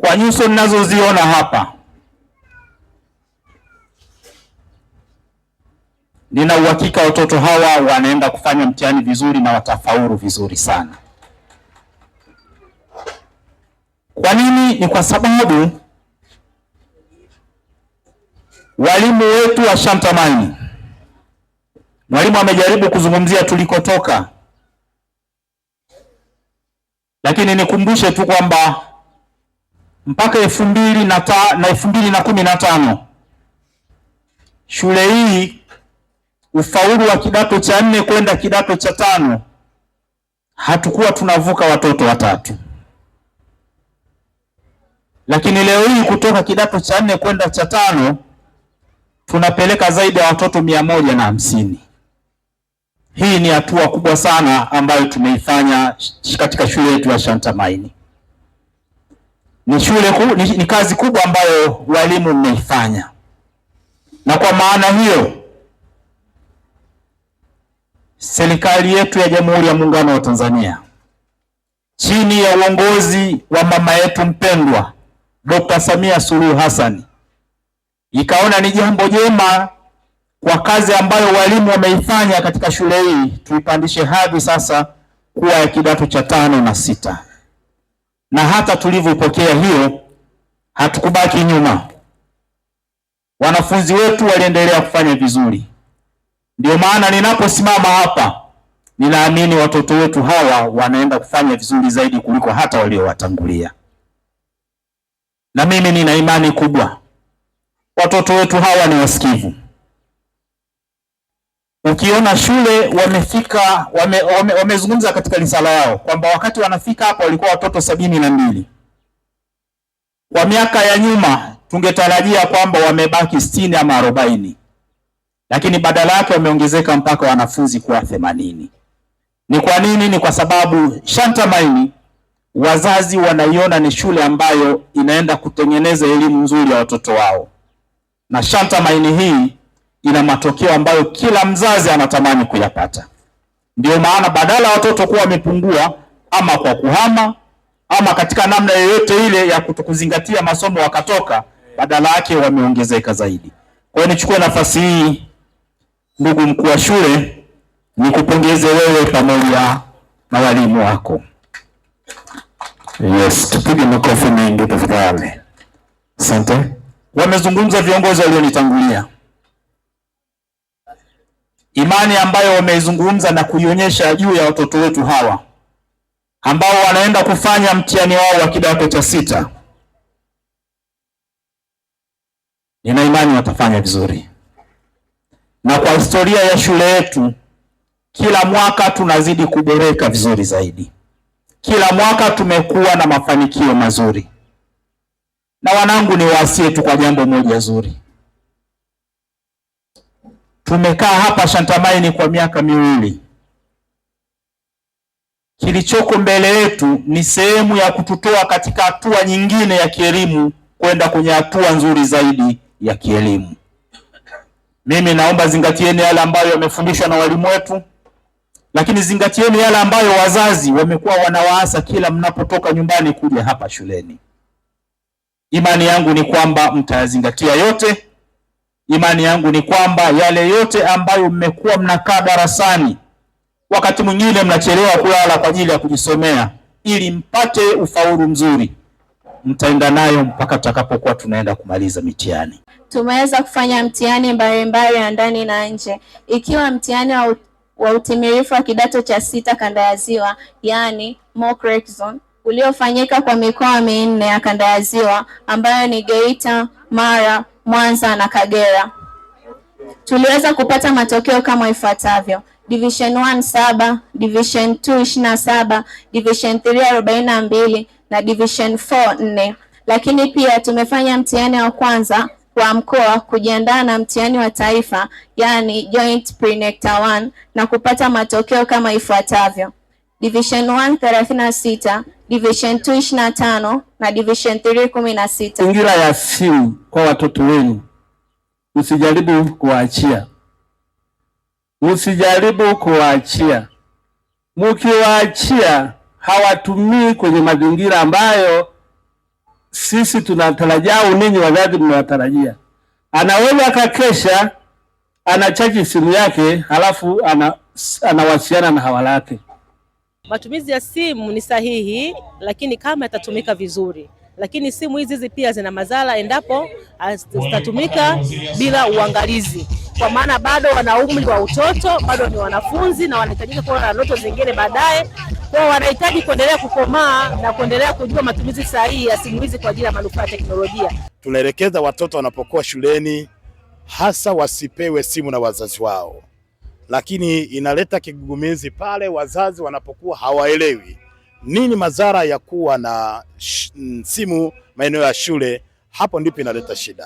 Kwa nyuso ninazoziona hapa, nina uhakika watoto hawa wanaenda kufanya mtihani vizuri na watafaulu vizuri sana. Kwa nini? Ni kwa sababu walimu wetu Shantamani, Mwalimu amejaribu kuzungumzia tulikotoka, lakini nikumbushe tu kwamba mpaka elfu mbili na elfu mbili na kumi na tano shule hii ufaulu wa kidato cha nne kwenda kidato cha tano hatukuwa tunavuka watoto watatu, lakini leo hii kutoka kidato cha nne kwenda cha tano tunapeleka zaidi ya watoto mia moja na hamsini. Hii ni hatua kubwa sana ambayo tumeifanya katika shule yetu ya Shantamaini ni shule ku, ni, ni kazi kubwa ambayo walimu mmeifanya, na kwa maana hiyo serikali yetu ya Jamhuri ya Muungano wa Tanzania chini ya uongozi wa mama yetu mpendwa Dr. Samia Suluhu Hassan ikaona ni jambo jema kwa kazi ambayo walimu wameifanya katika shule hii tuipandishe hadhi sasa kuwa ya kidato cha tano na sita na hata tulivyopokea hiyo hatukubaki nyuma. Wanafunzi wetu waliendelea kufanya vizuri. Ndio maana ninaposimama hapa, ninaamini watoto wetu hawa wanaenda kufanya vizuri zaidi kuliko hata waliowatangulia, na mimi nina imani kubwa watoto wetu hawa ni wasikivu, Ukiona shule wamefika wame, wame, wamezungumza katika risala yao kwamba wakati wanafika hapa walikuwa watoto sabini na mbili. Kwa miaka ya nyuma tungetarajia kwamba wamebaki sitini ama arobaini, lakini badala yake wameongezeka mpaka wanafunzi kuwa themanini. Ni kwa nini? Ni kwa sababu shantamaini wazazi wanaiona ni shule ambayo inaenda kutengeneza elimu nzuri ya watoto wao, na shantamaini hii ina matokeo ambayo kila mzazi anatamani kuyapata. Ndiyo maana badala watoto kuwa wamepungua ama kwa kuhama ama katika namna yoyote ile ya kutokuzingatia masomo wakatoka, badala yake wameongezeka zaidi. Kwa hiyo nichukue nafasi hii, ndugu mkuu wa shule, nikupongeze wewe pamoja na walimu wako. Yes, tupige makofi mengi tafadhali. Asante. Wamezungumza viongozi walionitangulia imani ambayo wameizungumza na kuionyesha juu ya watoto wetu hawa ambao wanaenda kufanya mtihani wao wa kidato cha sita. Nina imani watafanya vizuri, na kwa historia ya shule yetu, kila mwaka tunazidi kuboreka vizuri zaidi. Kila mwaka tumekuwa na mafanikio mazuri, na wanangu, ni waasi tu kwa jambo moja zuri Tumekaa hapa shantamaini kwa miaka miwili. Kilichoko mbele yetu ni sehemu ya kututoa katika hatua nyingine ya kielimu kwenda kwenye hatua nzuri zaidi ya kielimu. Mimi naomba zingatieni yale ambayo yamefundishwa na walimu wetu, lakini zingatieni yale ambayo wazazi wamekuwa wanawaasa kila mnapotoka nyumbani kuja hapa shuleni. Imani yangu ni kwamba mtayazingatia yote Imani yangu ni kwamba yale yote ambayo mmekuwa mnakaa darasani, wakati mwingine mnachelewa kulala kwa ajili ya kujisomea ili mpate ufaulu mzuri, mtaenda nayo mpaka tutakapokuwa tunaenda kumaliza mitihani. Tumeweza kufanya mtihani mbalimbali ya ndani na nje, ikiwa mtihani wa, wa utimilifu wa kidato cha sita kanda ya Ziwa, yani mock exam uliofanyika kwa mikoa minne ya kanda ya Ziwa ambayo ni Geita, Mara Mwanza na Kagera. Tuliweza kupata matokeo kama ifuatavyo: Division 1 saba, Division 2 ishirini na saba, Division 3 arobaini na mbili na Division 4 nne. Lakini pia tumefanya mtihani wa kwanza wa mkoa kujiandaa na mtihani wa taifa, yani Joint pre 1 na kupata matokeo kama ifuatavyo: Division 1 36, Division 2 25 na Division 3 16. Ingira ya simu kwa watoto wenu, usijaribu kuwaachia, usijaribu kuwaachia. Mkiwaachia hawatumii kwenye mazingira ambayo sisi tunatarajia au ninyi wazazi mnawatarajia. Anaweza akakesha, anachaji simu yake, halafu anawasiliana ana na hawalake Matumizi ya simu ni sahihi, lakini kama yatatumika vizuri. Lakini simu hizi hizi pia zina madhara endapo zitatumika bila uangalizi, kwa maana bado wana umri wa utoto, bado ni wanafunzi na wanahitajika kuwa na ndoto zingine baadaye, kwa wanahitaji kuendelea kukomaa na kuendelea kujua matumizi sahihi ya simu hizi kwa ajili ya manufaa ya teknolojia. Tunaelekeza watoto wanapokuwa shuleni, hasa wasipewe simu na wazazi wao lakini inaleta kigugumizi pale wazazi wanapokuwa hawaelewi nini madhara ya kuwa na simu maeneo ya shule. Hapo ndipo inaleta shida.